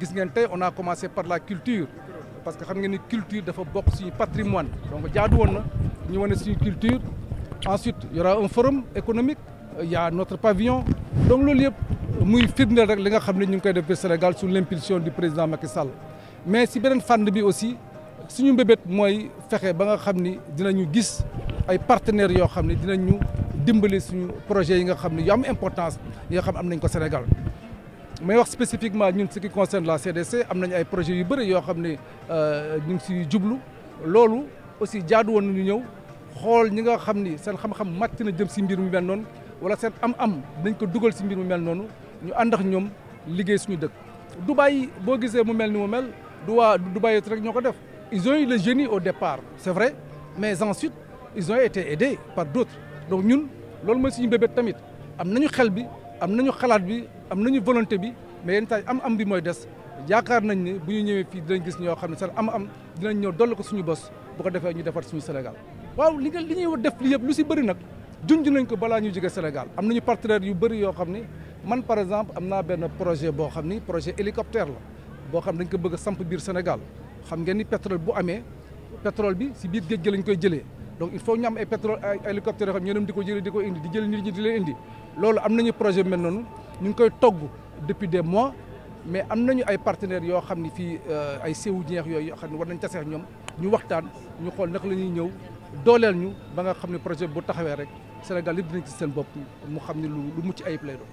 gis ngeen tey on a commencé par la culture parce que xam ngeen ni culture dafa bokk suñu patrimoine donc jaadu woon na ñu wane suñu culture ensuite il y un forum économique euh, il y a notre pavillon donc loolu yëpp muy firndeel rek li nga xam ne ñu ngi koy defee Sénégal sous l'impulsion du président Macky Sall mais si beneen fànn bi aussi suñu mbébét mooy fexe ba nga xam ni dinañu gis ay partenaires yoo xam ne ñu dimbali suñu projet yi nga xam ni yu am importance yi xam am nañ ko Sénégal mais wax spécifiquement ñun ce qui concerne la CDC am nañu ay projets yu bëri yoo xam ne euh, ñu ngi siy jublu loolu aussi jaadu woon nañu ñëw xool ñi nga xam ni seen xam-xam màcc na jëm si mbir mu mel noonu wala seen am-am dañ ko dugal si mbiru mu mel noonu ñu ànd ak ñoom liggéey suñu dëkk. Dubaï boo gisee mu mel ni mu mel du waa Dubaï rek ñoo ko def ils ont eu le génie au départ c'est vrai mais ensuite ils ont été aidés par d'autres donc ñun loolu mooy suñu bébét tamit am nañu xel bi. am nañu xalaat bi am nañu volonté bi mais yenn am am bi mooy des yaakaar nañ ne bu ñu ñëwee fii dinañ gis ñoo xam ne seen am am dinañ ñëw dolli ko suñu bos bu ko defee ñu defar suñu Sénégal waaw li nga li def li yëpp lu si bëri nag junj nañ ko balaa ñu jóge Sénégal am nañu partenaires yu bëri yoo xam ne man par exemple am naa benn projet boo xam ni projet hélicoptère la boo xam dañ ko bëgg a samp biir Sénégal xam ngeen ni pétrole bu amee pétrole bi si biir géej gi lañ koy jëlee donc il faut ñu am ay pétrole ay hélicoptère yoo xam ñoo dem di ko jëlee di indi di jël nit ñi di leen indi loolu am nañu projet mel noonu ñu koy togg depuis des mois mais am nañu ay partenaires yoo xam ne fii euh, ay saoudiens yooyu yoo xam ne war nañ taseex ñoom ñu waxtaan ñu xool naka la ñuy ñëw dooleel ñu ba nga xam ne projet bu taxawee rek Sénégal yëpp dinañ ci seen bopp mu xam ne lu mucc ay lay doon